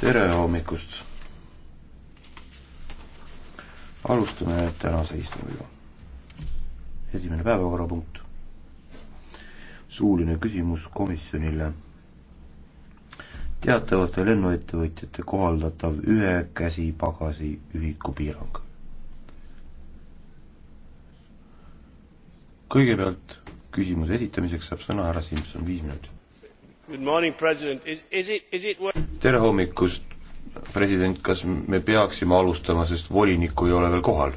tere hommikust! alustame tänase istungiga. esimene päevakorrapunkt. suuline küsimus komisjonile. teatavate lennuettevõtjate kohaldatav ühe käsipagasi ühiku piirang. kõigepealt küsimuse esitamiseks saab sõna härra Simson, viis minutit tere hommikust, president, kas me peaksime alustama, sest volinikku ei ole veel kohal?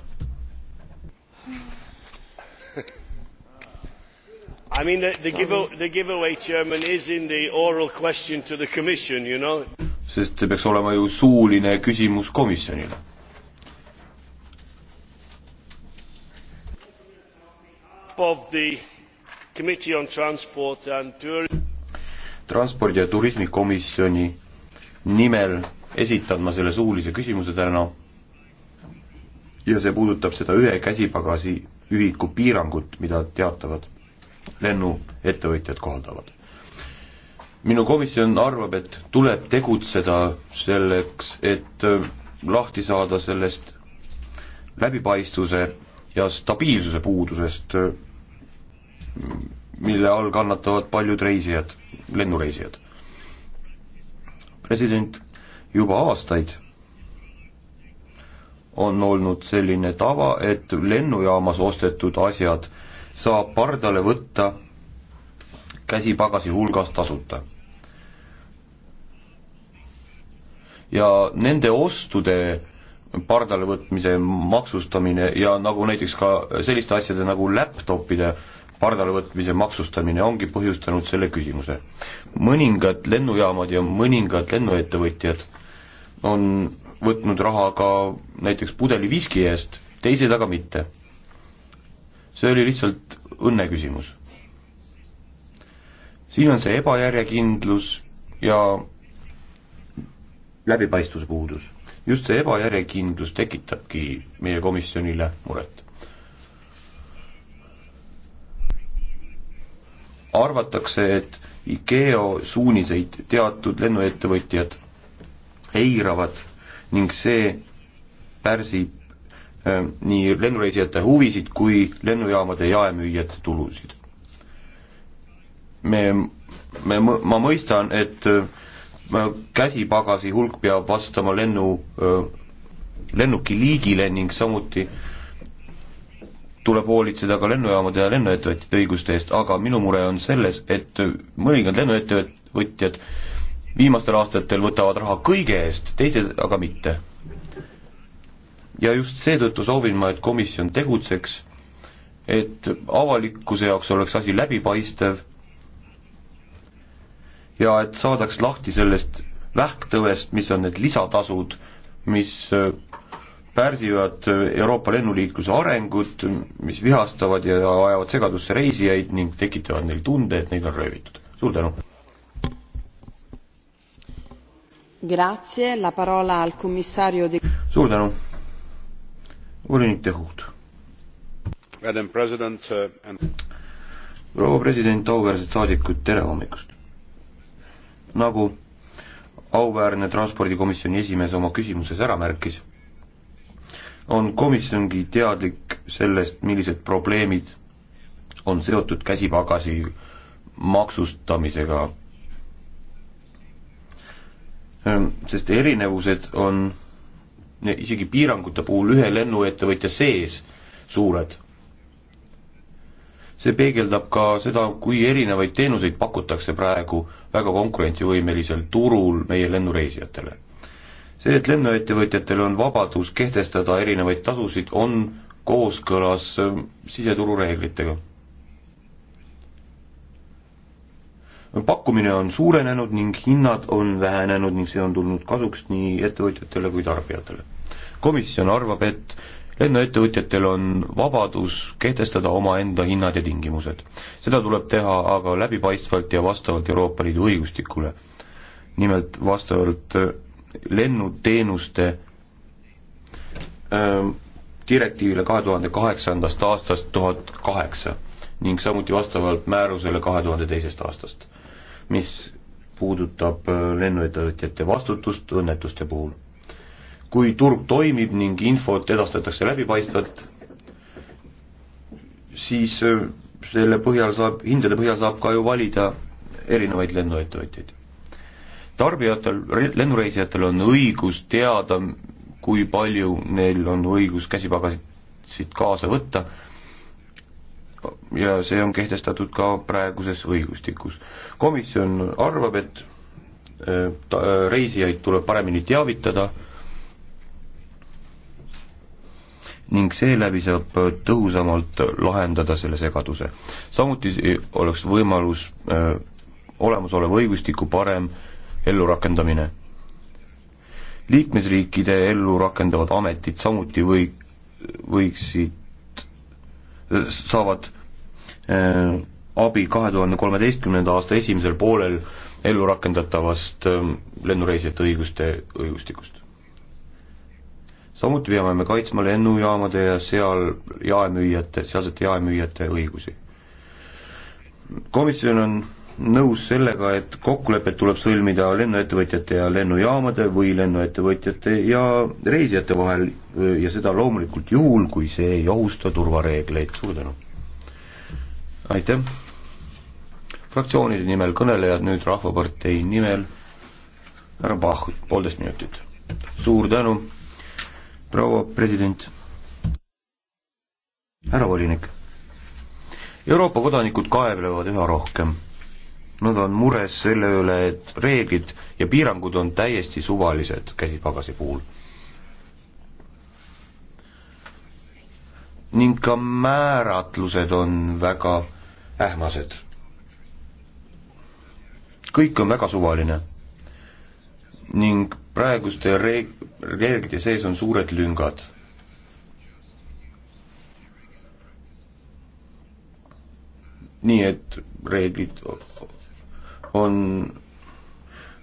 I mean the, the, give, the giveaway chairman is in the oral question to the commission, you know. sest see peaks olema ju suuline küsimus komisjonile. Of the committee on transport and tourism transpordi- ja turismikomisjoni nimel esitan ma selle suulise küsimuse täna ja see puudutab seda ühe käsipagasi ühiku piirangut, mida teatavad lennuettevõtjad kohaldavad. minu komisjon arvab, et tuleb tegutseda selleks, et lahti saada sellest läbipaistvuse ja stabiilsuse puudusest, mille all kannatavad paljud reisijad lennureisijad. president juba aastaid on olnud selline tava, et lennujaamas ostetud asjad saab pardale võtta käsipagasi hulgas tasuta. ja nende ostude pardale võtmise maksustamine ja nagu näiteks ka selliste asjade nagu laptopide pardale võtmise maksustamine ongi põhjustanud selle küsimuse. mõningad lennujaamad ja mõningad lennuettevõtjad on võtnud raha ka näiteks pudeli viski eest, teised aga mitte. see oli lihtsalt õnne küsimus. siin on see ebajärjekindlus ja läbipaistvuse puudus. just see ebajärjekindlus tekitabki meie komisjonile muret arvatakse, et IKEA suuniseid teatud lennuettevõtjad eiravad ning see pärsib äh, nii lennureisijate huvisid kui lennujaamade jaemüüjate tulusid. me, me, ma mõistan, et äh, käsipagasi hulk peab vastama lennu, äh, lennuki liigile ning samuti äh, tuleb hoolitseda ka lennujaamade ja lennuettevõtjate õiguste eest, aga minu mure on selles, et mõningad lennuettevõtjad viimastel aastatel võtavad raha kõige eest, teised aga mitte. ja just seetõttu soovin ma, et komisjon tegutseks, et avalikkuse jaoks oleks asi läbipaistev ja et saadaks lahti sellest vähktõvest, mis on need lisatasud, mis pärsivad Euroopa lennuliikluse arengut, mis vihastavad ja ajavad segadusse reisijaid ning tekitavad neil tunde, et neid on röövitud. suur tänu! Grazie, la parola al commissario de... suur tänu! volinik De Hucht. Madam President uh, and proua president, auväärsed saadikud, tere hommikust! nagu auväärne transpordikomisjoni esimees oma küsimuses ära märkis on komisjongi teadlik sellest, millised probleemid on seotud käsipagasi maksustamisega. Ehm, sest erinevused on isegi piirangute puhul ühe lennuettevõtja sees suured. see peegeldab ka seda, kui erinevaid teenuseid pakutakse praegu väga konkurentsivõimelisel turul meie lennureisijatele see, et lennuettevõtjatel on vabadus kehtestada erinevaid tasusid, on kooskõlas äh, siseturu reeglitega. pakkumine on suurenenud ning hinnad on vähenenud ning see on tulnud kasuks nii ettevõtjatele kui tarbijatele. komisjon arvab, et lennuettevõtjatel on vabadus kehtestada omaenda hinnad ja tingimused. seda tuleb teha aga läbipaistvalt ja vastavalt Euroopa Liidu õigustikule. nimelt vastavalt äh, lennuteenuste ähm, direktiivile kahe tuhande kaheksandast aastast tuhat kaheksa ning samuti vastavalt määrusele kahe tuhande teisest aastast, mis puudutab äh, lennuettevõtjate vastutust õnnetuste puhul. kui turg toimib ning infot edastatakse läbipaistvalt, siis äh, selle põhjal saab, hindade põhjal saab ka ju valida erinevaid lennuettevõtjaid tarbijatel, lennureisijatel on õigus teada, kui palju neil on õigus käsipagasid kaasa võtta ja see on kehtestatud ka praeguses õigustikus. komisjon arvab, et äh, ta, äh, reisijaid tuleb paremini teavitada ning seeläbi saab tõhusamalt lahendada selle segaduse. samuti oleks võimalus äh, olemasoleva õigustiku parem äh, ellurakendamine. liikmesriikide ellurakendavad ametid samuti või, võiksid, saavad äh, abi kahe tuhande kolmeteistkümnenda aasta esimesel poolel ellu rakendatavast äh, lennureisijate õiguste õigustikust samuti peame me kaitsma lennujaamade ja seal jaemüüjate, sealsete jaemüüjate õigusi. komisjon on nõus sellega, et kokkulepped tuleb sõlmida lennuettevõtjate ja lennujaamade või lennuettevõtjate ja reisijate vahel ja seda loomulikult juhul, kui see ei ohusta turvareegleid. suur tänu! aitäh! fraktsioonide nimel kõnelejad, nüüd Rahvapartei nimel härra Pahv, poolteist minutit. suur tänu, proua president, härra volinik. Euroopa kodanikud kaeblevad üha rohkem Nad on mures selle üle, et reeglid ja piirangud on täiesti suvalised käsipagasi puhul. ning ka määratlused on väga ähmased. kõik on väga suvaline. ning praeguste reeg-, reeglite sees on suured lüngad nii et reeglid on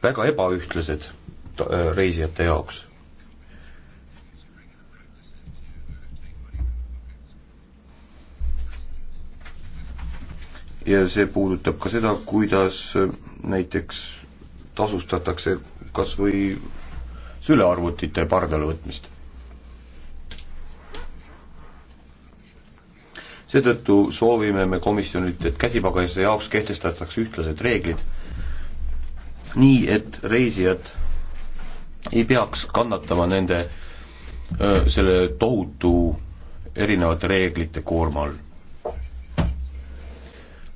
väga ebaühtlased äh, reisijate jaoks. ja see puudutab ka seda, kuidas äh, näiteks tasustatakse kas või sülearvutite pardale võtmist seetõttu soovime me komisjonilt, et käsipagajate jaoks kehtestatakse ühtlased reeglid, nii et reisijad ei peaks kannatama nende, selle tohutu erinevate reeglite koorma all.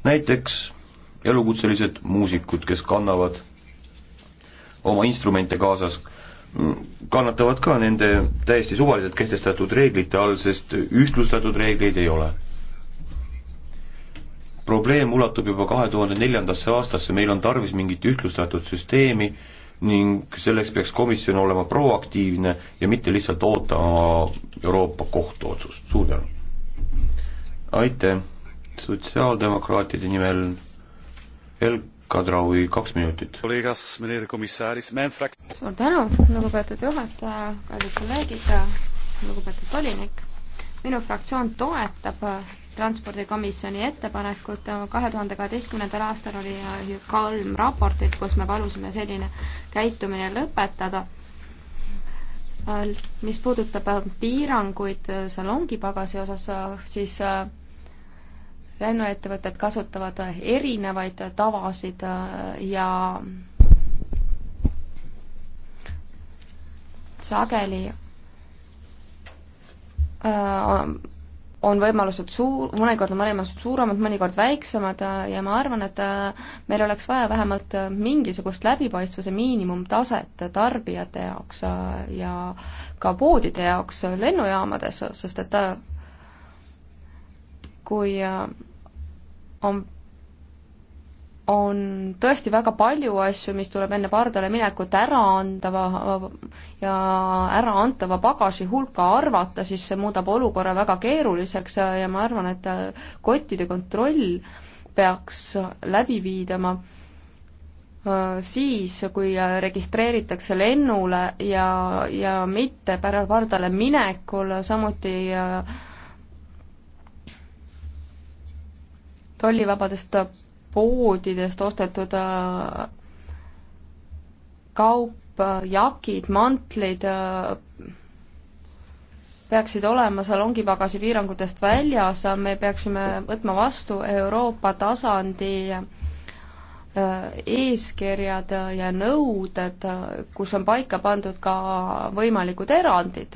näiteks elukutselised muusikud, kes kannavad oma instrumente kaasas, kannatavad ka nende täiesti suvaliselt kehtestatud reeglite all, sest ühtlustatud reegleid ei ole probleem ulatub juba kahe tuhande neljandasse aastasse, meil on tarvis mingit ühtlustatud süsteemi ning selleks peaks komisjon olema proaktiivne ja mitte lihtsalt ootama Euroopa Kohtu otsust, suur tänu! aitäh, sotsiaaldemokraatide nimel El Kadraui, kaks minutit. suur tänu, lugupeetud juhataja, kallid kolleegid, lugupeetud volinik, minu fraktsioon toetab transpordikomisjoni ettepanekut. kahe tuhande kaheteistkümnendal aastal oli kolm raportit, kus me palusime selline käitumine lõpetada. mis puudutab piiranguid salongipagasi osas, siis lennuettevõtted kasutavad erinevaid tavasid ja sageli äh, on võimalused suur, mõnikord on võimalused suuremad, mõnikord väiksemad äh, ja ma arvan, et äh, meil oleks vaja vähemalt äh, mingisugust läbipaistvuse miinimumtaset tarbijate jaoks ja ka poodide jaoks lennujaamades, sest et kui on on tõesti väga palju asju, mis tuleb enne pardale minekut ära andava ja ära antava pagasi hulka arvata, siis see muudab olukorra väga keeruliseks ja ma arvan, et äh, kottide kontroll peaks läbi viidama äh, siis, kui äh, registreeritakse lennule ja, ja mitte pärast pardale minekul, samuti tollivabadest poodidest ostetud äh, kaup, äh, jakid, mantlid äh, peaksid olema salongipagasi piirangutest väljas, me peaksime võtma vastu Euroopa tasandi eeskirjad ja nõuded, kus on paika pandud ka võimalikud erandid.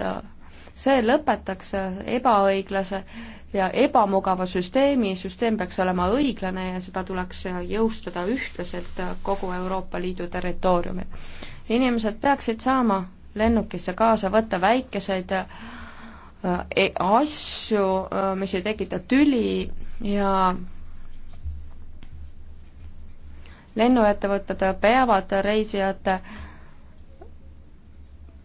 see lõpetaks ebaõiglase ja ebamugava süsteemi, süsteem peaks olema õiglane ja seda tuleks jõustada ühtlaselt kogu Euroopa Liidu territooriumil. inimesed peaksid saama lennukisse kaasa võtta väikeseid äh, e, asju, äh, mis ei tekita tüli ja lennuettevõtted peavad reisijate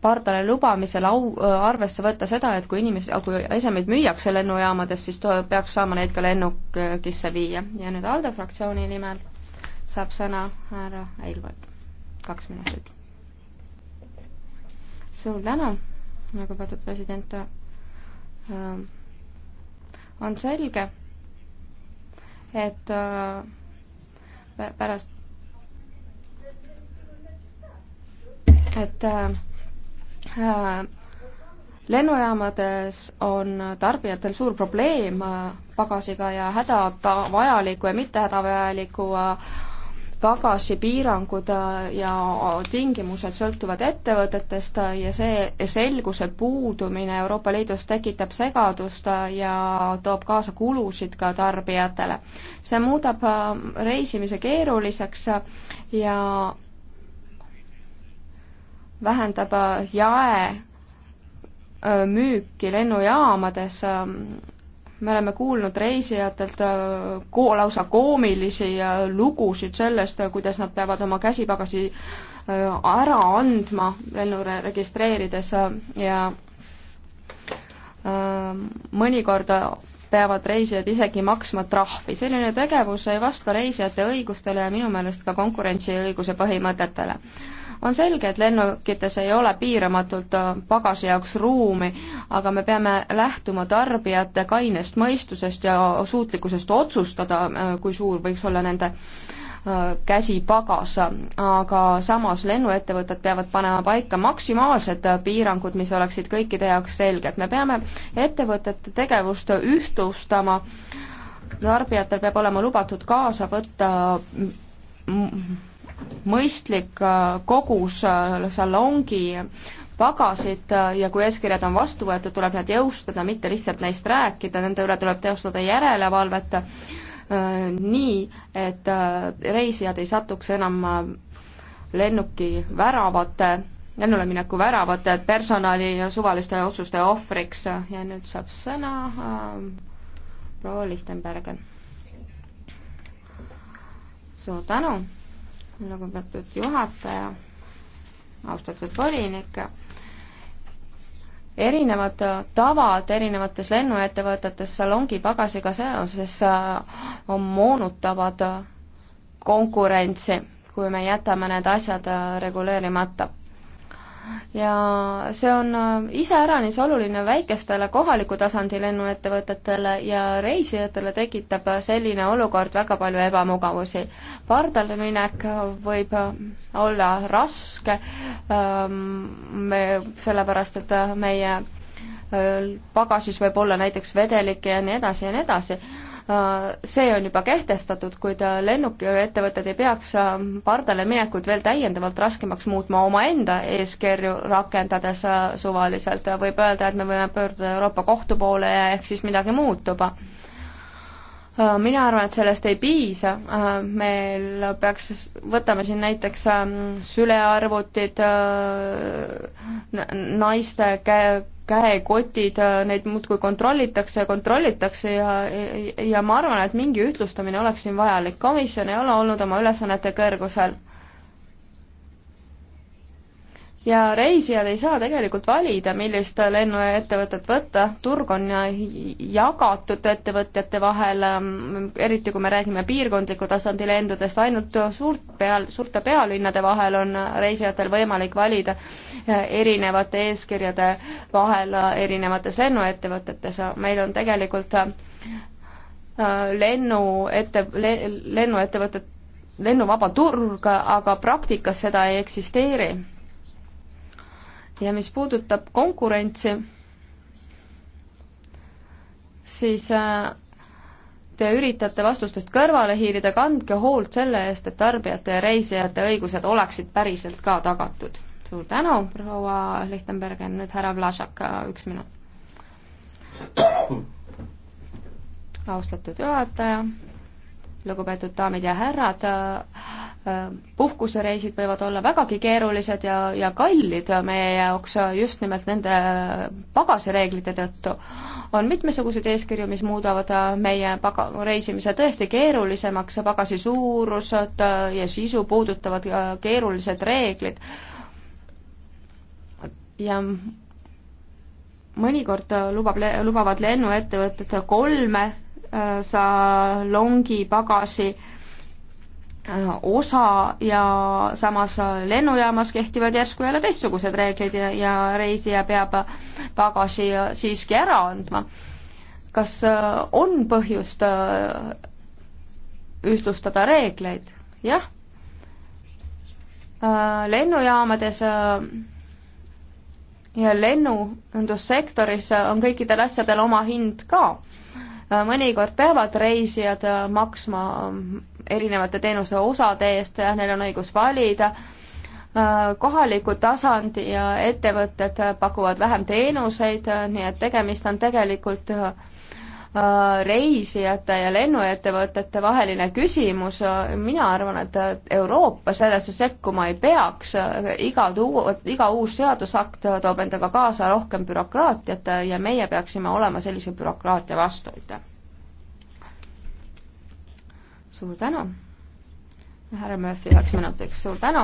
pardale lubamisel au, äh, arvesse võtta seda, et kui inimesi, kui esemeid müüakse lennujaamades, siis to-, peaks saama neid ka lennukisse viia. ja nüüd ALDE fraktsiooni nimel saab sõna härra Eilvald, kaks minutit. suur tänu, lugupeetud president. Äh, on selge, et äh, pärast et äh, Äh, lennujaamades on tarbijatel suur probleem äh, pagasiga ja hädavajaliku ja mittehädavajaliku äh, pagasipiirangud ja tingimused sõltuvad ettevõtetest ja see selguse puudumine Euroopa Liidus tekitab segadust ja toob kaasa kulusid ka tarbijatele. see muudab reisimise keeruliseks ja vähendab äh, jae äh, müüki lennujaamades. Ähm, me oleme kuulnud reisijatelt äh, ko-, lausa koomilisi lugusid sellest, kuidas nad peavad oma käsipagasi ära andma lennu registreerides ja ähm, mõnikord peavad reisijad isegi maksma trahvi. selline tegevus ei vasta reisijate õigustele ja minu meelest ka konkurentsiõiguse põhimõtetele on selge, et lennukites ei ole piiramatult äh, pagasi jaoks ruumi, aga me peame lähtuma tarbijate kainest mõistusest ja suutlikkusest otsustada, äh, kui suur võiks olla nende äh, käsipagas, aga samas lennuettevõtted peavad panema paika maksimaalsed piirangud, mis oleksid kõikide jaoks selged. me peame ettevõtete tegevust ühtlustama, tarbijatel peab olema lubatud kaasa võtta mõistlik äh, kogus äh, salongi pagasid äh, ja kui eeskirjad on vastu võetud, tuleb need jõustada, mitte lihtsalt neist rääkida, nende üle tuleb teostada järelevalvet nii, et reisijad ei satuks enam lennuki väravate, lennulemineku väravate personali ja suvaliste otsuste ohvriks ja nüüd saab sõna proua Lichtenberger. suur tänu! lugupeetud juhataja, austatud volinik erinevad tavad erinevates lennuettevõtetes salongi pagasiga seoses äh, on moonutavad konkurentsi, kui me jätame need asjad äh, reguleerimata ja see on äh, iseäranis oluline väikestele kohaliku tasandi lennuettevõtetele ja reisijatele tekitab äh, selline olukord väga palju ebamugavusi. pardale minek võib äh, olla raske, ähm, me, sellepärast et meie pagasis võib olla näiteks vedelikke ja nii edasi ja nii edasi Äh, see on juba kehtestatud, kuid äh, lennukiettevõtted ei peaks ähm, pardale minekut veel täiendavalt raskemaks muutma omaenda eeskirju rakendades äh, suvaliselt, võib öelda, et me võime pöörduda Euroopa Kohtu poole ja ehk siis midagi muutub mina arvan, et sellest ei piisa, meil peaks, võtame siin näiteks ähm, sülearvutid, naiste käe, käekotid, äh, neid muudkui kontrollitakse ja kontrollitakse ja, ja ma arvan, et mingi ühtlustamine oleks siin vajalik. komisjon ei ole olnud oma ülesannete kõrgusel ja reisijad ei saa tegelikult valida, millist lennuettevõtet võtta, turg on jagatud ettevõtjate vahel, eriti kui me räägime piirkondliku tasandi lendudest, ainult suurt peal, suurte pealinnade vahel on reisijatel võimalik valida erinevate eeskirjade vahel erinevates lennuettevõtetes, meil on tegelikult äh, lennuette le,, lennuettevõtet, lennuvaba turg, aga praktikas seda ei eksisteeri ja mis puudutab konkurentsi, siis äh, te üritate vastustest kõrvale hiilida, kandke hoolt selle eest, et tarbijate ja reisijate õigused oleksid päriselt ka tagatud. suur tänu, proua Lichtenbergen, nüüd härra Vlašak, äh, üks minut. austatud juhataja, lugupeetud daamid ja härrad, äh, puhkusereisid võivad olla vägagi keerulised ja, ja kallid meie jaoks just nimelt nende pagasireeglite tõttu. on mitmesuguseid eeskirju, mis muudavad meie paga-, reisimise tõesti keerulisemaks, pagasi suurused ja sisu puudutavad keerulised reeglid ja mõnikord lubab, lubavad lennuettevõtted kolme äh, sa longi pagasi äh, Äh, osa ja samas lennujaamas kehtivad järsku jälle teistsugused reeglid ja, ja reisija peab pagasi siiski ära andma. kas äh, on põhjust äh, ühtlustada reegleid? jah. lennujaamades ja lennundussektoris on kõikidel asjadel oma hind ka. mõnikord peavad reisijad maksma erinevate teenuse osade eest, neil on õigus valida, äh, kohaliku tasandi ja ettevõtted pakuvad vähem teenuseid, äh, nii et tegemist on tegelikult äh, reisijate ja lennuettevõtete vaheline küsimus, mina arvan, et Euroopa sellesse sekkuma ei peaks, iga tuu-, iga uus seadusakt toob endaga kaasa rohkem bürokraatiat ja meie peaksime olema sellise bürokraatia vastu, aitäh suur tänu, härra Murphy üheks minutiks, suur tänu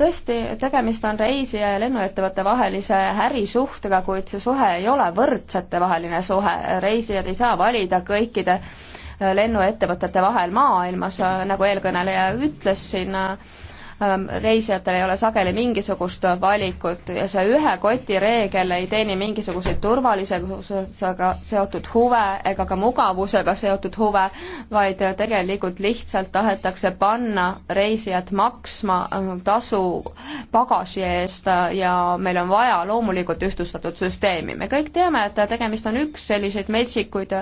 tõesti, tegemist on reisija ja lennuettevõtte vahelise ärisuhtega, kuid see suhe ei ole võrdsetevaheline suhe, reisijad ei saa valida kõikide äh, lennuettevõtete vahel maailmas, äh, nagu eelkõneleja ütles siin, äh, Ähm, reisijatel ei ole sageli mingisugust valikut ja see ühe koti reegel ei teeni mingisuguseid turvalisusega seotud huve ega ka mugavusega seotud huve, vaid tegelikult lihtsalt tahetakse panna reisijat maksma äh, tasu pagasi eest ja meil on vaja loomulikult ühtlustatud süsteemi. me kõik teame, et tegemist on üks selliseid metsikuid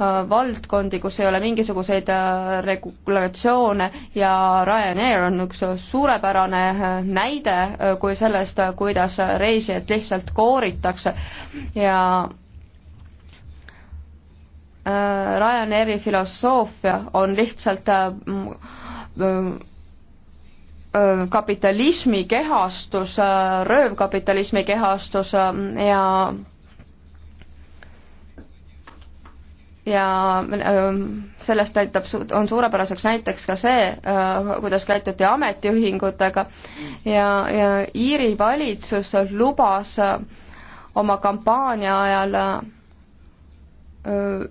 Äh, valdkondi, kus ei ole mingisuguseid äh, regulatsioone ja Ryanair on üks äh, suurepärane näide kui sellest, kuidas reisijat lihtsalt kooritakse ja Ryanairi filosoofia on lihtsalt kapitalismi kehastus, röövkapitalismi kehastus ja ja ähm, sellest näitab, on suurepäraseks näiteks ka see, äh, kuidas käituti ametiühingutega ja, ja Iiri valitsus lubas äh, oma kampaania ajal äh,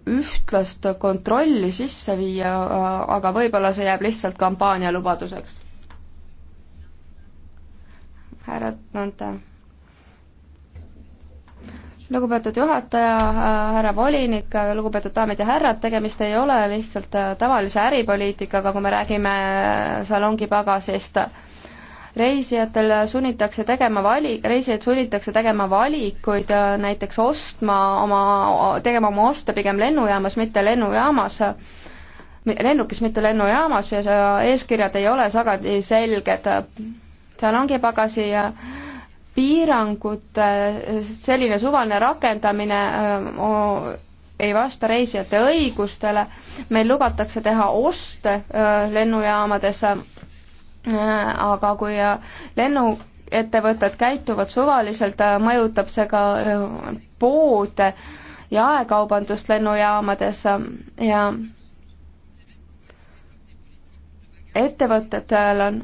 ühtlast kontrolli sisse viia, aga võib-olla see jääb lihtsalt kampaania lubaduseks. härra Nante lugupeetud juhataja, äh, härra volinik, äh, lugupeetud daamid ja härrad, tegemist ei ole lihtsalt äh, tavalise äripoliitikaga, kui me räägime salongipagasist. reisijatel sunnitakse tegema vali-, reisijaid sunnitakse tegema valikuid, näiteks ostma oma, tegema oma oste pigem lennujaamas, mitte lennujaamas, lennukis, mitte lennujaamas ja eeskirjad ei ole sageli selged. salongipagasi ja piirangute selline suvaline rakendamine ei vasta reisijate õigustele, meil lubatakse teha oste lennujaamadesse, aga kui lennuettevõtted käituvad suvaliselt, mõjutab see ka poode ja aekaubandust lennujaamades ja ettevõtetel on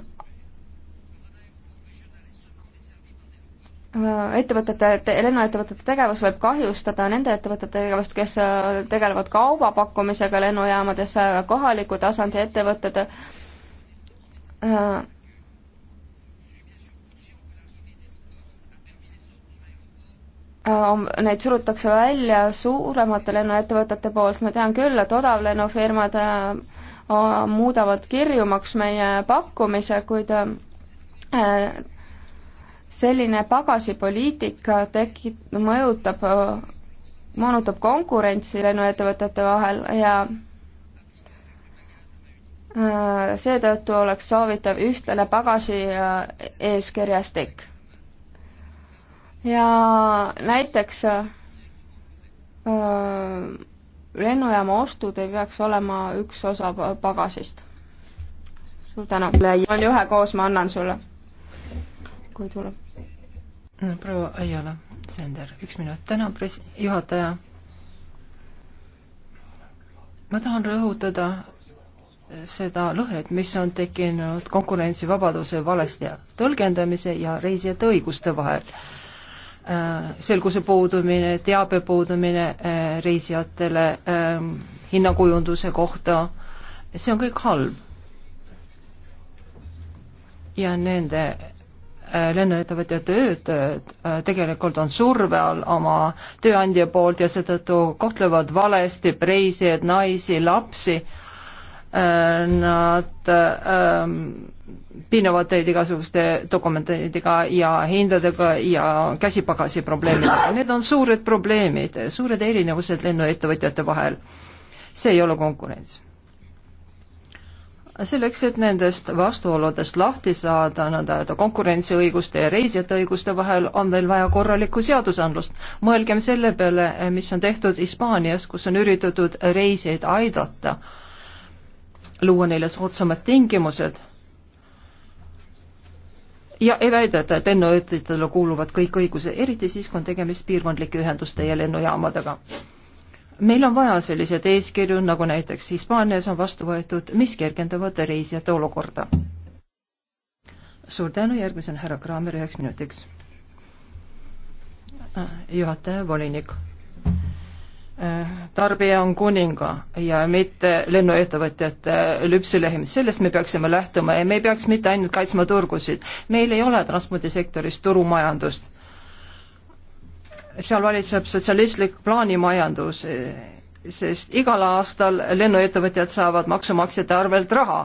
Äh, ettevõtete, lennuettevõtete tegevus võib kahjustada nende ettevõtete tegevust, kes äh, tegelevad kaubapakkumisega lennujaamades, äh, kohaliku tasandi ettevõtted neid surutakse välja suuremate lennuettevõtete poolt, ma tean küll, et odavlennufirmad muudavad kirjumaks meie pakkumise, kuid selline pagasipoliitika teki-, mõjutab, moonutab konkurentsi lennuettevõtete vahel ja äh, seetõttu oleks soovitav ühtlane pagasi äh, eeskirjastik. ja näiteks äh, lennujaama ostud ei peaks olema üks osa pagasist. suur tänu. on juhe koos, ma annan sulle kui tuleb. Mm, proua Aiala Sender, üks minut. tänan, pres-, juhataja. ma tahan rõhutada seda lõhet, mis on tekkinud konkurentsivabaduse valesti tõlgendamise ja reisijate õiguste vahel äh, selguse puudumine, teabe puudumine äh, reisijatele, ähm, hinnakujunduse kohta, see on kõik halb. ja nende Äh, lennuettevõtja tööd äh, tegelikult on surve all oma tööandja poolt ja seetõttu kohtlevad valesti reisijaid, naisi, lapsi. Äh, nad ähm, piinavad teid igasuguste dokumentidega ja hindadega ja käsipagasi probleemidega. Need on suured probleemid, suured erinevused lennuettevõtjate vahel. see ei ole konkurents selleks, et nendest vastuoludest lahti saada nõnda-öelda konkurentsiõiguste ja reisijate õiguste vahel, on meil vaja korralikku seadusandlust. mõelgem selle peale, mis on tehtud Hispaanias, kus on üritatud reisijaid aidata, luua neile soodsamad tingimused ja ei väideta, et lennuettevõtetele kuuluvad kõik õigused, eriti siis, kui on tegemist piirkondlike ühenduste ja lennujaamadega meil on vaja selliseid eeskirju, nagu näiteks Hispaanias on vastu võetud, mis kergendavad reisijate olukorda. suur tänu, järgmisena härra Kraamer üheks minutiks. Äh, juhataja, volinik. Äh, tarbija on kuninga ja mitte lennuettevõtjate lüpsilehm, sellest me peaksime lähtuma ja me ei peaks mitte ainult kaitsma turgusid, meil ei ole transpordisektoris turumajandust seal valitseb sotsialistlik plaanimajandus, sest igal aastal lennuettevõtjad saavad maksumaksjate arvelt raha.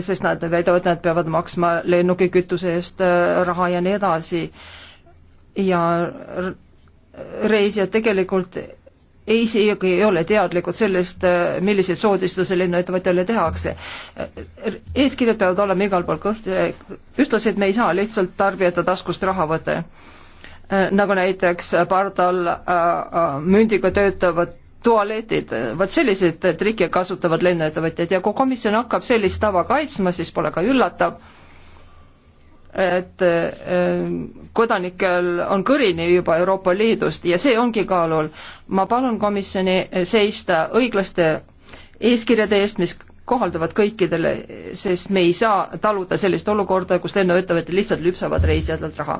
sest nad väidavad, nad peavad maksma lennukikütuse eest äh, raha ja nii edasi. ja reisijad tegelikult ei, isegi ei ole teadlikud sellest, äh, milliseid soodustusi lennuettevõtjale tehakse. Äh, eeskirjad peavad olema igal pool kõht-, ühtlasi, et me ei saa lihtsalt tarbijate taskust raha võtta Äh, nagu näiteks pardal äh, äh, mündiga töötavad tualetid, vot selliseid trikke kasutavad lennuettevõtjad ja kui komisjon hakkab sellist tava kaitsma, siis pole ka üllatav, et kodanikel on kõrini juba Euroopa Liidust ja see ongi kaalul. ma palun komisjoni seista õiglaste eeskirjade eest, mis kohalduvad kõikidele, sest me ei saa taluda sellist olukorda, kus lennuettevõtted lihtsalt lüpsavad reisijatelt raha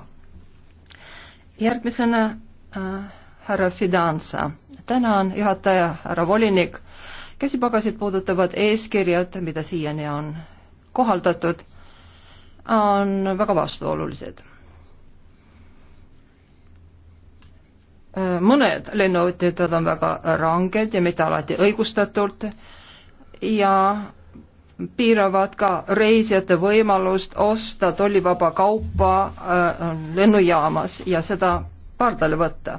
järgmisena äh, härra Fidanza. tänan, juhataja, härra volinik. käsipagasid puudutavad eeskirjad, mida siiani on kohaldatud, on väga vastuolulised. Äh, mõned lennuettevõtted on väga ranged ja mitte alati õigustatult ja piiravad ka reisijate võimalust osta tollivaba kaupa äh, lennujaamas ja seda pardale võtta.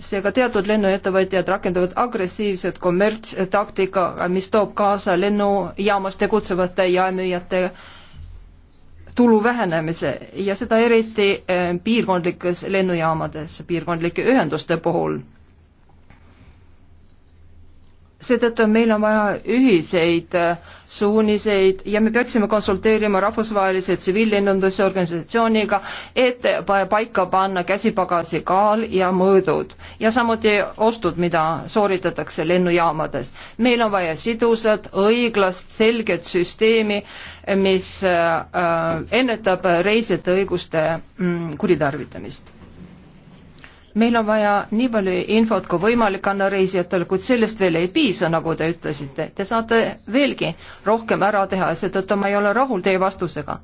seega teatud lennuettevõtjad rakendavad agressiivset kommertstaktika, mis toob kaasa lennujaamas tegutsevate jaemüüjate tulu vähenemise ja seda eriti äh, piirkondlikes lennujaamades, piirkondlike ühenduste puhul seetõttu meil on vaja ühiseid äh, suuniseid ja me peaksime konsulteerima rahvusvahelise tsiviillennunduse organisatsiooniga, et paika panna käsipagasi kaal ja mõõdud ja samuti ostud, mida sooritatakse lennujaamades. meil on vaja sidusat, õiglast, selget süsteemi, mis äh, äh, ennetab reisijate õiguste mm, kuritarvitamist meil on vaja nii palju infot kui võimalik anda reisijatele, kuid sellest veel ei piisa, nagu te ütlesite. Te saate veelgi rohkem ära teha ja seetõttu ma ei ole rahul teie vastusega.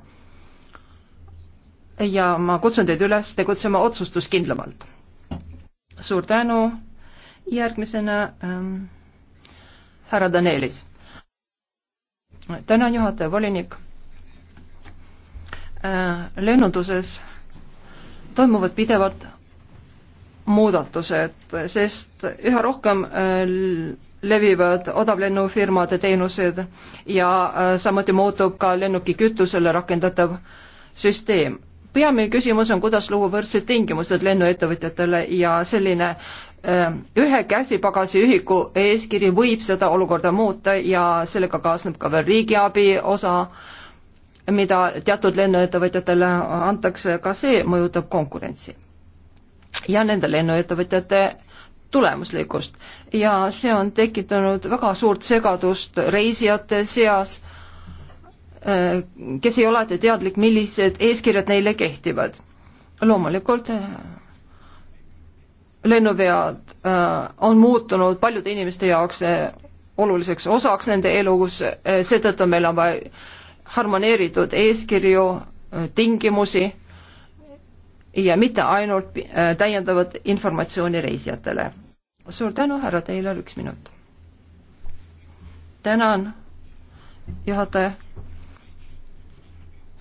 ja ma kutsun teid üles tegutsema otsustuskindlamalt. suur tänu, järgmisena ähm, härra Danelis. tänan, juhataja, volinik äh,. lennunduses toimuvad pidevalt muudatused, sest üha rohkem äh, levivad odavlennufirmade teenused ja äh, samuti muutub ka lennukikütusele rakendatav süsteem. peamine küsimus on, kuidas luua võrdsed tingimused lennuettevõtjatele ja selline äh, ühe käsipagasi ühiku eeskiri võib seda olukorda muuta ja sellega kaasneb ka veel riigiabi osa, mida teatud lennuettevõtjatele antakse, ka see mõjutab konkurentsi ja nende lennuettevõtjate tulemuslikkust ja see on tekitanud väga suurt segadust reisijate seas, eh, kes ei ole alati teadlik, millised eeskirjad neile kehtivad. loomulikult eh, lennuvead eh, on muutunud paljude inimeste jaoks oluliseks osaks nende elus, seetõttu meil on vaja harmoneeritud eeskirju, tingimusi ja mitte ainult äh, täiendavat informatsiooni reisijatele. suur tänu, härra Taylor, üks minut. tänan, juhataja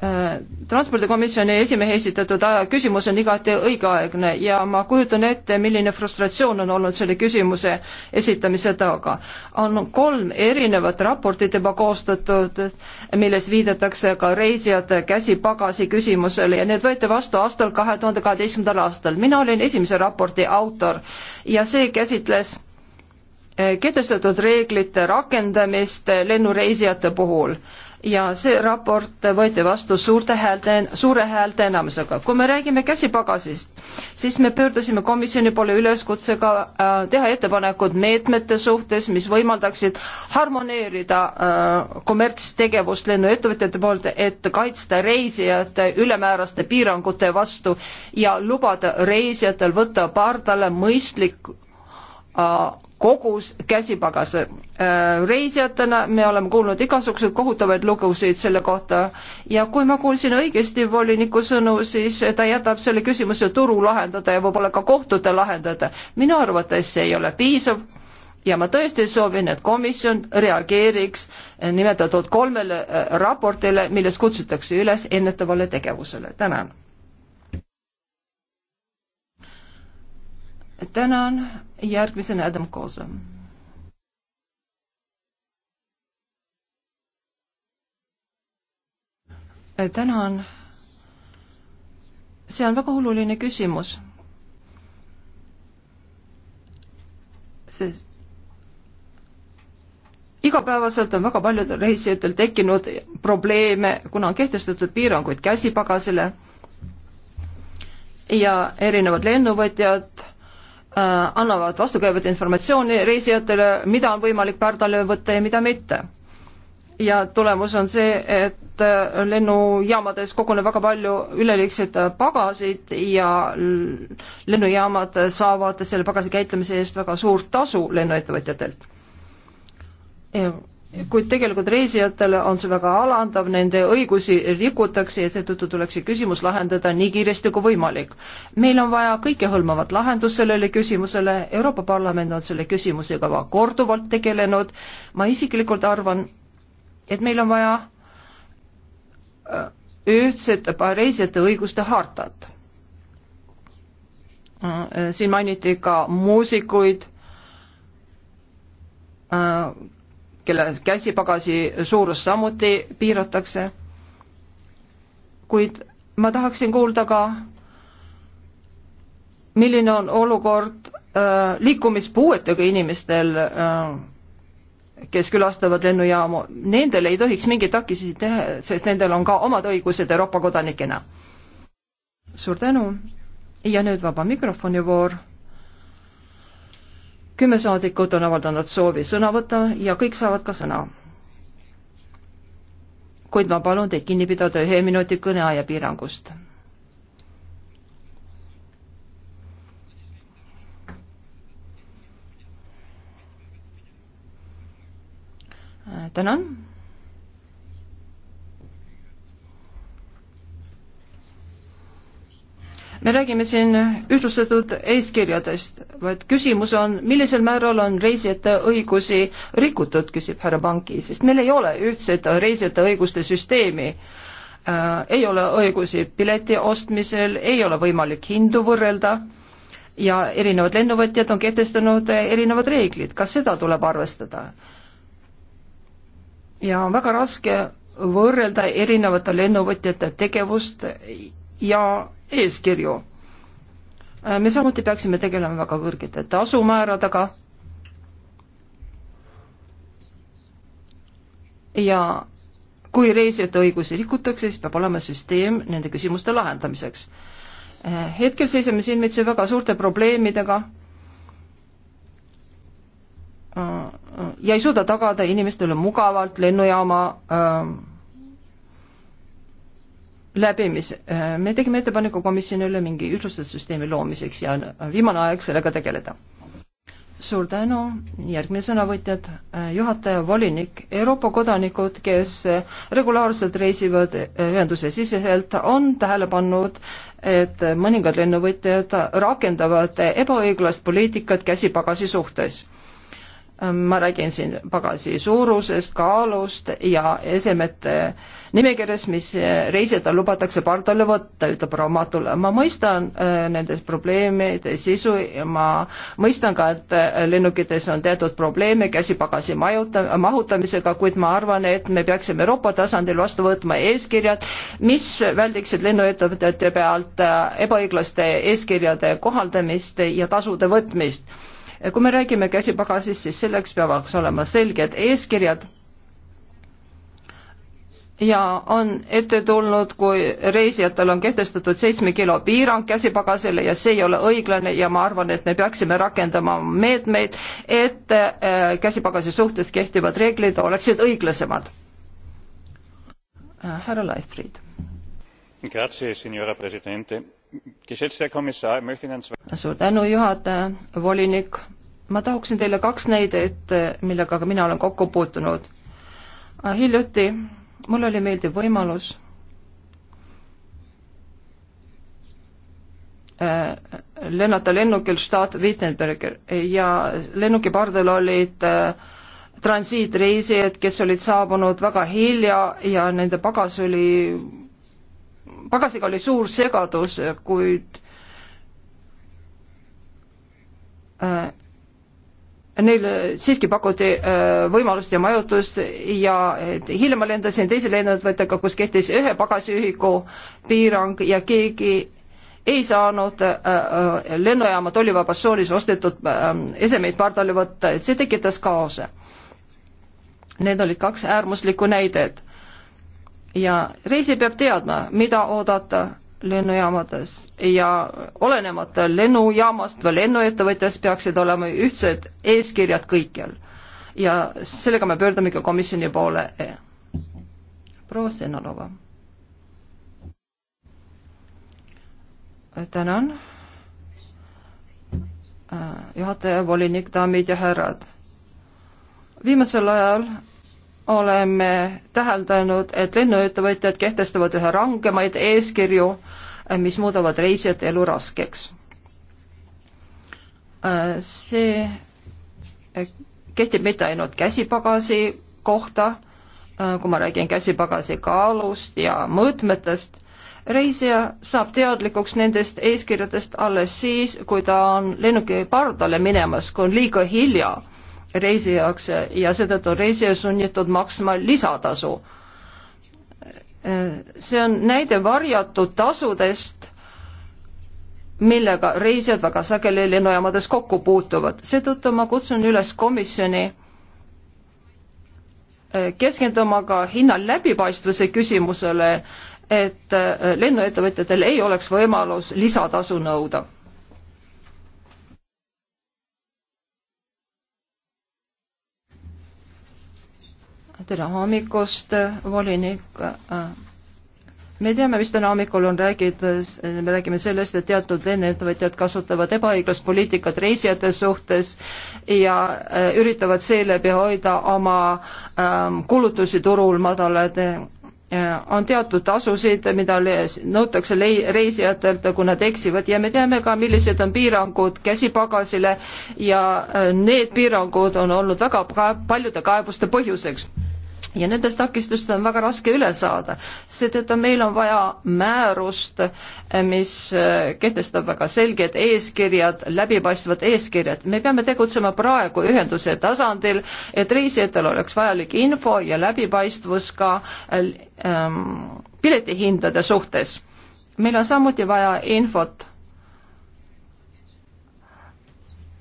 Äh, transpordikomisjoni esimehe esitatud äh, küsimus on igati õigeaegne ja ma kujutan ette, milline frustratsioon on olnud selle küsimuse esitamise taga. on kolm erinevat raportit juba koostatud, milles viidatakse ka reisijate käsipagasi küsimusele ja need võeti vastu aastal kahe tuhande kaheteistkümnendal aastal. mina olin esimese raporti autor ja see käsitles äh, kehtestatud reeglite rakendamist lennureisijate puhul ja see raport võeti vastu suurte häälte, suure häälte enamusega. kui me räägime käsipagasist, siis me pöördusime komisjoni poole üleskutsega äh, teha ettepanekud meetmete suhtes, mis võimaldaksid harmoneerida äh, kommertstegevust lennuettevõtjate poolt, et kaitsta reisijate ülemääraste piirangute vastu ja lubada reisijatel võtta pardale mõistlik äh, kogus käsipagas. Äh, reisijatena me oleme kuulnud igasuguseid kohutavaid lugusid selle kohta ja kui ma kuulsin õigesti voliniku sõnu, siis ta jätab selle küsimuse turu lahendada ja võib-olla ka kohtute lahendada. minu arvates see ei ole piisav ja ma tõesti soovin, et komisjon reageeriks nimetatud kolmele äh, raportile, milles kutsutakse üles ennetavale tegevusele. tänan. tänan järgmisena Adam Koosa. tänan. see on väga oluline küsimus. sest igapäevaselt on väga paljudel reisijatel tekkinud probleeme, kuna on kehtestatud piiranguid käsipagasile ja erinevad lennuvõtjad Äh, annavad vastukäivat informatsiooni reisijatele, mida on võimalik pardale võtta ja mida mitte. ja tulemus on see, et äh, lennujaamades koguneb väga palju üleliigseid äh, pagasid ja lennujaamad saavad selle pagasi käitlemise eest väga suurt tasu lennuettevõtjatelt kuid tegelikult reisijatele on see väga alandav, nende õigusi rikutakse ja seetõttu tuleks see küsimus lahendada nii kiiresti kui võimalik. meil on vaja kõikehõlmavat lahendust sellele küsimusele, Euroopa Parlament on selle küsimusega korduvalt tegelenud, ma isiklikult arvan, et meil on vaja äh, ühtset reisijate õiguste hartat. Äh, siin mainiti ka muusikuid, äh, kelle käsipagasi suurust samuti piiratakse. kuid ma tahaksin kuulda ka, milline on olukord äh, liikumispuuetega inimestel äh,, kes külastavad lennujaamu, nendele ei tohiks mingeid takistusi teha, sest nendel on ka omad õigused Euroopa kodanikena. suur tänu ja nüüd vaba mikrofoni voor kümme saadikut on avaldanud soovi sõna võtta ja kõik saavad ka sõna. kuid ma palun teid kinni pidada ühe minuti kõneaja piirangust. tänan me räägime siin ühtlustatud eeskirjadest, vaid küsimus on, millisel määral on reisijate õigusi rikutud, küsib härra Banki, sest meil ei ole ühtset reisijate õiguste süsteemi äh,. ei ole õigusi pileti ostmisel, ei ole võimalik hindu võrrelda ja erinevad lennuvõtjad on kehtestanud erinevad reeglid, ka seda tuleb arvestada. ja on väga raske võrrelda erinevate lennuvõtjate tegevust ja eeskirju. Äh, me samuti peaksime tegelema väga kõrgete tasumääradega ja kui reisijate õigusi rikutakse, siis peab olema süsteem nende küsimuste lahendamiseks. Äh, hetkel seisame silmitsi väga suurte probleemidega äh, ja ei suuda tagada inimestele mugavalt lennujaama äh, läbimis. Äh, me tegime ettepaneku komisjonile mingi ühtlustussüsteemi loomiseks ja on äh, viimane aeg sellega tegeleda. suur tänu, järgmine sõnavõtjad, äh, juhataja, volinik, Euroopa kodanikud, kes regulaarselt reisivad ühenduse siseselt, on tähele pannud, et mõningad lennuvõtjad rakendavad ebaõiglast poliitikat käsipagasi suhtes Ähm, ma räägin siin pagasi suurusest, kaalust ja esemete nimekirjas, mis äh, reisidel lubatakse pardale võtta, ütleb raamatul. ma mõistan äh, nende probleemide sisu ja ma mõistan ka, et äh, lennukites on teatud probleeme käsipagasi majuta-, mahutamisega, kuid ma arvan, et me peaksime Euroopa tasandil vastu võtma eeskirjad, mis väldiksid lennuettevõtjate pealt äh, ebaõiglaste eeskirjade kohaldamist ja tasude võtmist kui me räägime käsipagasist, siis selleks peavad olema selged eeskirjad ja on ette tulnud, kui reisijatel on kehtestatud seitsme kilo piirang käsipagasile ja see ei ole õiglane ja ma arvan, et me peaksime rakendama meetmeid, et äh, käsipagasi suhtes kehtivad reeglid oleksid õiglasemad. Äh, härra Leifrid. suur tänu, juhataja, volinik ma tahaksin teile kaks näidet, millega ka mina olen kokku puutunud. hiljuti mul oli meeldiv võimalus äh, lennata lennukil Stadt-Wittenberger ja lennuki pardal olid äh, transiitreisijad, kes olid saabunud väga hilja ja nende pagas oli, pagasiga oli suur segadus, kuid äh, neile siiski pakuti äh, võimalust ja majutust ja hiljem ma lendasin teise lennuvõttega, kus kehtis ühe pagasiühiku piirang ja keegi ei saanud äh, äh, lennujaama tollivabas soolis ostetud esemeid pardale võtta, et see tekitas kaose. Need olid kaks äärmuslikku näidet. ja reisija peab teadma, mida oodata lennujaamades ja olenemata lennujaamast või lennuettevõtjast peaksid olema ühtsed eeskirjad kõikjal. ja sellega me pöördume ikka komisjoni poole. proua Senolova. tänan. Äh, juhataja, volinik, daamid ja härrad. viimasel ajal oleme täheldanud, et lennuettevõtjad kehtestavad üha rangemaid eeskirju, eh, mis muudavad reisijate elu raskeks. Eh, see eh, kehtib mitte ainult käsipagasi kohta, kui ma räägin käsipagasi kaalust ja mõõtmetest, reisija saab teadlikuks nendest eeskirjadest alles siis, kui ta on lennuki pardale minemas, kui on liiga hilja reisi jaoks ja seetõttu reisija sunnitud maksma lisatasu. see on näide varjatud tasudest, millega reisijad väga sageli lennujaamades kokku puutuvad. seetõttu ma kutsun üles komisjoni eh, keskenduma ka hinna läbipaistvuse küsimusele, et eh, lennuettevõtjatel ei oleks võimalus lisatasu nõuda tere hommikust, volinik. me teame, mis täna hommikul on räägitud, me räägime sellest, et teatud lennuettevõtjad kasutavad ebaõiglast poliitikat reisijate suhtes ja äh, üritavad seeläbi hoida oma ähm, kulutusi turul madalad äh, on teatud tasusid, mida nõutakse reisijatelt, kui nad eksivad ja me teame ka, millised on piirangud käsipagasile ja äh, need piirangud on olnud väga paljude kaebuste põhjuseks ja nendest takistustest on väga raske üle saada, seetõttu meil on vaja määrust, mis äh, kehtestab väga selged eeskirjad, läbipaistvad eeskirjad. me peame tegutsema praegu ühenduse tasandil, et reisijatel oleks vajalik info ja läbipaistvus ka äh, ähm, piletihindade suhtes. meil on samuti vaja infot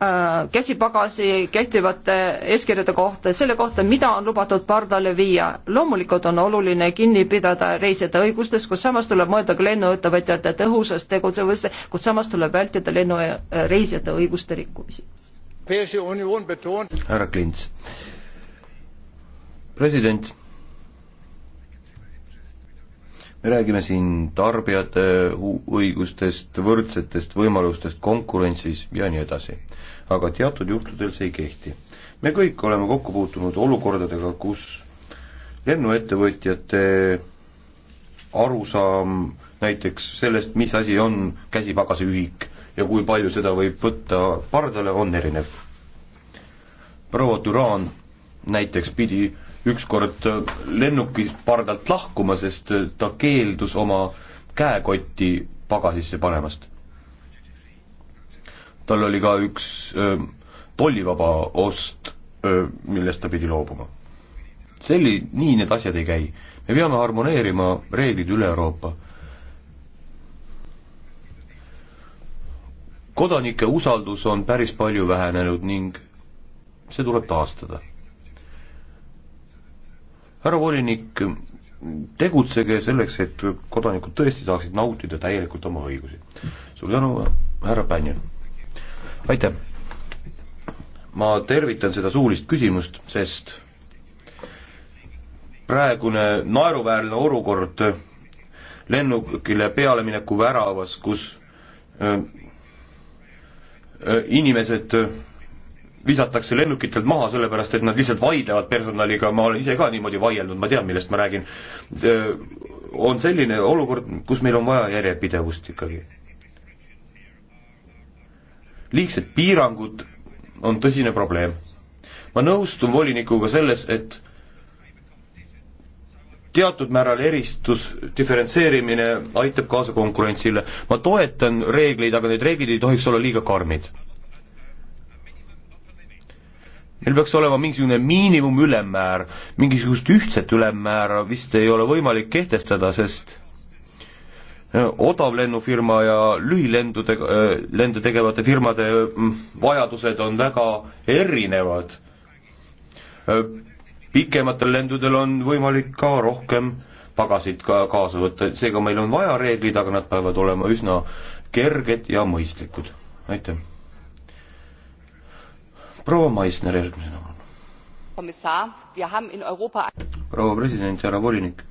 Äh, käsipagasi kehtivate eeskirjade kohta, selle kohta, mida on lubatud pardale viia. loomulikult on oluline kinni pidada reisijate õigustest, kus samas tuleb mõelda ka lennuettevõtjate tõhusast tegutsevõist, kuid samas tuleb vältida lennu äh, reisijate õiguste rikkumisi. härra Klints, president me räägime siin tarbijate õigustest, võrdsetest võimalustest konkurentsis ja nii edasi. aga teatud juhtudel see ei kehti. me kõik oleme kokku puutunud olukordadega, kus lennuettevõtjate arusaam näiteks sellest, mis asi on käsipagasiühik ja kui palju seda võib võtta pardale, on erinev. proua Düran näiteks pidi ükskord lennukist pardalt lahkuma, sest ta keeldus oma käekotti pagasisse panemast. tal oli ka üks öö, tollivaba ost, millest ta pidi loobuma. selli-, nii need asjad ei käi. me peame harmoneerima reeglid üle Euroopa. kodanike usaldus on päris palju vähenenud ning see tuleb taastada härra volinik, tegutsege selleks, et kodanikud tõesti saaksid nautida täielikult oma õigusi. suur tänu, härra Pänjan. aitäh. ma tervitan seda suulist küsimust, sest praegune naeruväärne olukord lennukile pealemineku väravas, kus äh, äh, inimesed visatakse lennukitelt maha, sellepärast et nad lihtsalt vaidlevad personaliga, ma olen ise ka niimoodi vaielnud, ma tean, millest ma räägin, on selline olukord, kus meil on vaja järjepidevust ikkagi. liigsed piirangud on tõsine probleem. ma nõustun volinikuga selles, et teatud määral eristus, diferentseerimine aitab kaasa konkurentsile, ma toetan reegleid, aga need reeglid ei tohiks olla liiga karmid Neil peaks olema mingisugune miinimumülemmäär, mingisugust ühtset ülemmäära vist ei ole võimalik kehtestada, sest äh, odavlennufirma ja lühilendude, äh, lende tegevate firmade mm, vajadused on väga erinevad. Äh, pikematel lendudel on võimalik ka rohkem pagasid ka kaasa võtta, seega meil on vaja reeglid, aga nad peavad olema üsna kerged ja mõistlikud. aitäh! proua Maisner järgmisena. proua president, härra volinik,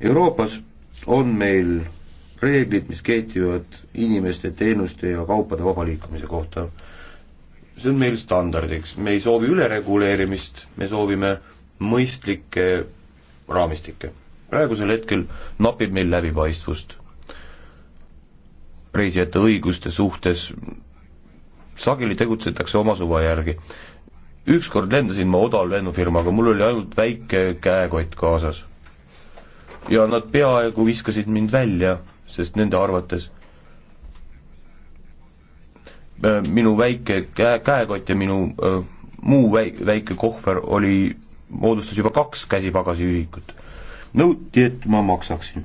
Euroopas on meil reeglid, mis kehtivad inimeste, teenuste ja kaupade vaba liikumise kohta. see on meil standardiks, me ei soovi ülereguleerimist, me soovime mõistlikke raamistikke. praegusel hetkel napib meil läbipaistvust reisijate õiguste suhtes, sageli tegutsetakse oma suva järgi. ükskord lendasin ma odavlennufirmaga, mul oli ainult väike käekott kaasas. ja nad peaaegu viskasid mind välja, sest nende arvates äh, minu väike käe, käekott ja minu öö, äh, muu väi-, väike kohver oli, moodustas juba kaks käsipagasiühikut. nõuti, et ma maksaksin.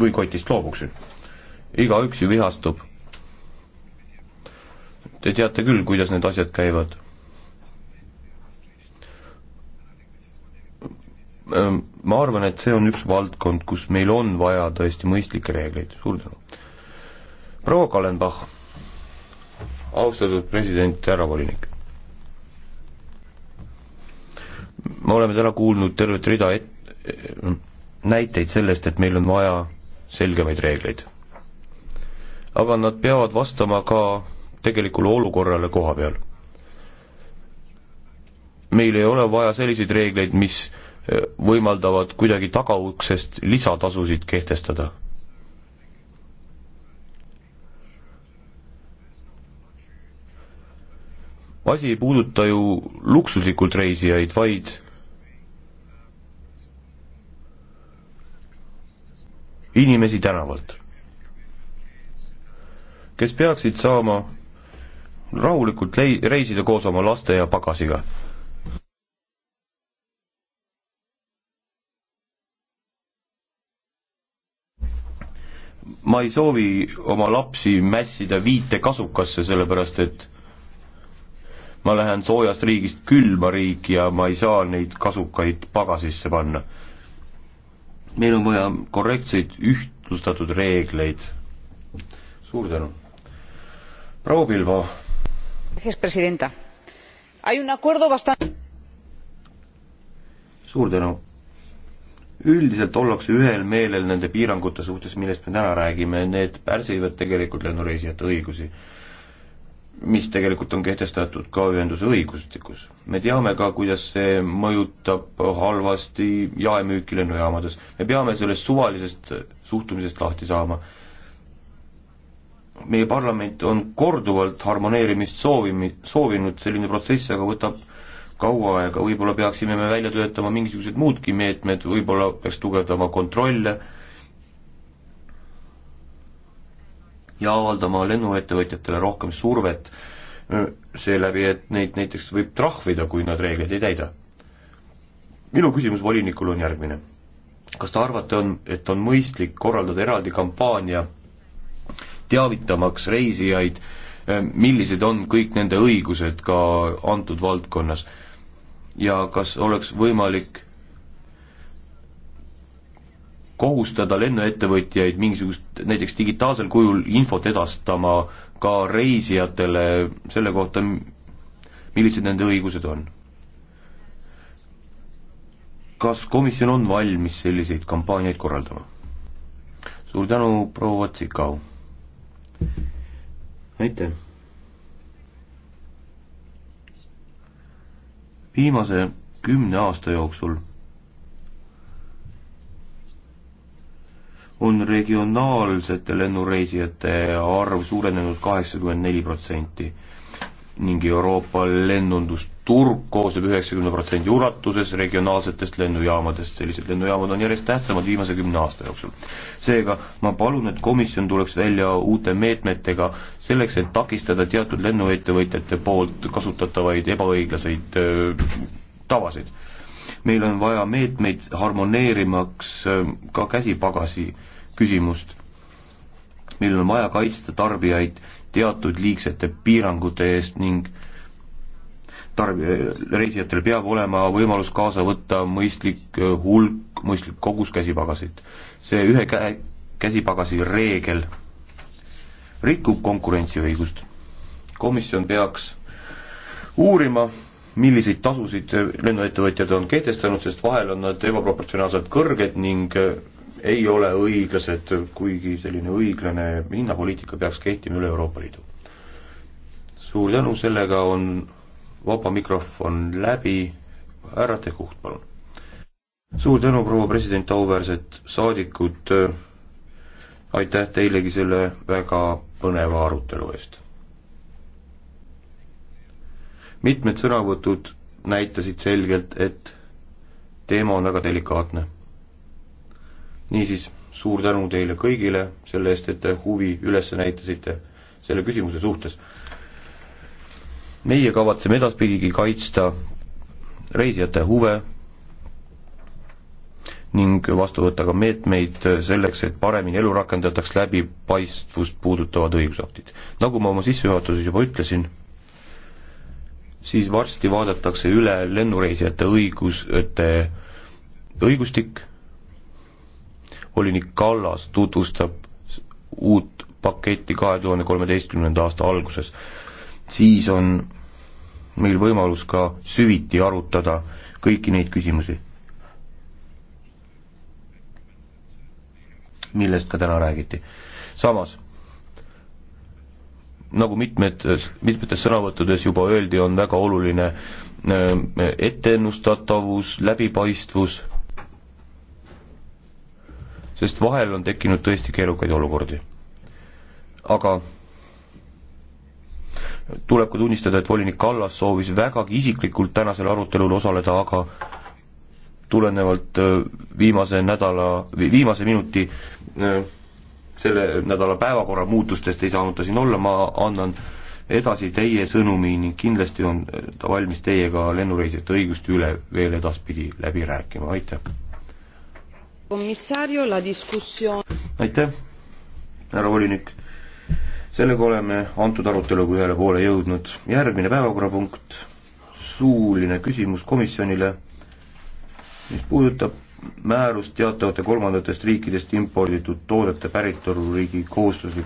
või kotist loobuksin igaüks ju vihastub. Te teate küll, kuidas need asjad käivad. Ehm, ma arvan, et see on üks valdkond, kus meil on vaja tõesti mõistlikke reegleid, suur tänu. proua Kallenbach, austatud president, härra volinik. me oleme täna kuulnud tervet rida et-, näiteid sellest, et meil on vaja selgemaid reegleid aga nad peavad vastama ka tegelikule olukorrale koha peal. meil ei ole vaja selliseid reegleid, mis eh, võimaldavad kuidagi tagauksest lisatasusid kehtestada. asi ei puuduta ju luksuslikult reisijaid, vaid inimesi tänavalt kes peaksid saama rahulikult lei-, reisida koos oma laste ja pagasiga. ma ei soovi oma lapsi mässida viite kasukasse, sellepärast et ma lähen soojast riigist külma riiki ja ma ei saa neid kasukaid pagasisse panna. meil on vaja korrektseid ühtlustatud reegleid. suur tänu! proua Pilvo. suur tänu. üldiselt ollakse ühel meelel nende piirangute suhtes, millest me täna räägime, need pärsivad tegelikult lennureisijate õigusi mis tegelikult on kehtestatud ka ühenduse õigustikus. me teame ka, kuidas see mõjutab halvasti jaemüüki lennujaamades. me peame sellest suvalisest suhtumisest lahti saama meie parlament on korduvalt harmoneerimist soovimi-, soovinud, selline protsess aga võtab kaua aega, võib-olla peaksime me välja töötama mingisugused muudki meetmed, võib-olla peaks tugevdama kontrolle ja avaldama lennuettevõtjatele rohkem survet äh, seeläbi, et neid näiteks võib trahvida, kui nad reegleid ei täida. minu küsimus volinikule on järgmine. kas te arvate, on, et on mõistlik korraldada eraldi kampaania teavitamaks reisijaid, eh, millised on kõik nende õigused ka antud valdkonnas. ja kas oleks võimalik kohustada lennuettevõtjaid mingisugust näiteks digitaalsel kujul infot edastama ka reisijatele selle kohta, millised nende õigused on? kas komisjon on valmis selliseid kampaaniaid korraldama? suur tänu, proua Tsikau! aitäh! viimase kümne aasta jooksul on regionaalsete lennureisijate arv suurenenud kaheksakümmend neli protsenti ning Euroopa lennundusturg koosneb üheksakümne protsendi ulatuses regionaalsetest lennujaamadest. sellised lennujaamad on järjest tähtsamad viimase kümne aasta jooksul. seega ma palun, et komisjon tuleks välja uute meetmetega selleks, et takistada teatud lennuettevõtjate poolt kasutatavaid ebaõiglaseid öö, äh, tavasid. meil on vaja meetmeid harmoneerimaks öö, äh, ka käsipagasi küsimust, meil on vaja kaitsta tarbijaid teatud liigsete piirangute eest ning tarb-, reisijatel peab olema võimalus kaasa võtta mõistlik hulk, mõistlik kogus käsipagasit. see ühe käe, käsipagasi reegel rikub konkurentsiõigust. komisjon peaks uurima, milliseid tasusid lennuettevõtjad on kehtestanud, sest vahel on nad ebaproportsionaalselt kõrged ning ei ole õiglased, kuigi selline õiglane hinnapoliitika peaks kehtima üle Euroopa Liidu. suur tänu, sellega on vaba mikrofon läbi, härra Tehuht, palun. suur tänu, proua president, auväärsed saadikud, aitäh teilegi selle väga põneva arutelu eest. mitmed sõnavõtud näitasid selgelt, et teema on väga delikaatne niisiis, suur tänu teile kõigile selle eest, et te huvi üles näitasite selle küsimuse suhtes. meie kavatseme edaspidigi kaitsta reisijate huve ning vastu võtta ka meetmeid selleks, et paremini elu rakendataks läbipaistvust puudutavad õigusaktid. nagu ma oma sissejuhatuses juba ütlesin, siis varsti vaadatakse üle lennureisijate õiguste õigustik volinik Kallas tutvustab uut paketti kahe tuhande kolmeteistkümnenda aasta alguses, siis on meil võimalus ka süviti arutada kõiki neid küsimusi, millest ka täna räägiti. samas, nagu mitmed, mitmetes sõnavõttudes juba öeldi, on väga oluline äh, etteennustatavus, läbipaistvus sest vahel on tekkinud tõesti keerukaid olukordi. aga tuleb ka tunnistada, et volinik Kallas soovis vägagi isiklikult tänasel arutelul osaleda, aga tulenevalt äh, viimase nädala, viimase minuti äh, selle nädala päevakorra muutustest ei saanud ta siin olla, ma annan edasi teie sõnumi ning kindlasti on ta valmis teiega lennureisijate õiguste üle veel edaspidi läbi rääkima, aitäh! aitäh, härra volinik. sellega oleme antud aruteluga ühele poole jõudnud. järgmine päevakorrapunkt, suuline küsimus komisjonile, mis puudutab määrust teatavate kolmandatest riikidest imporditud toodete päritoluriigi kohustusliku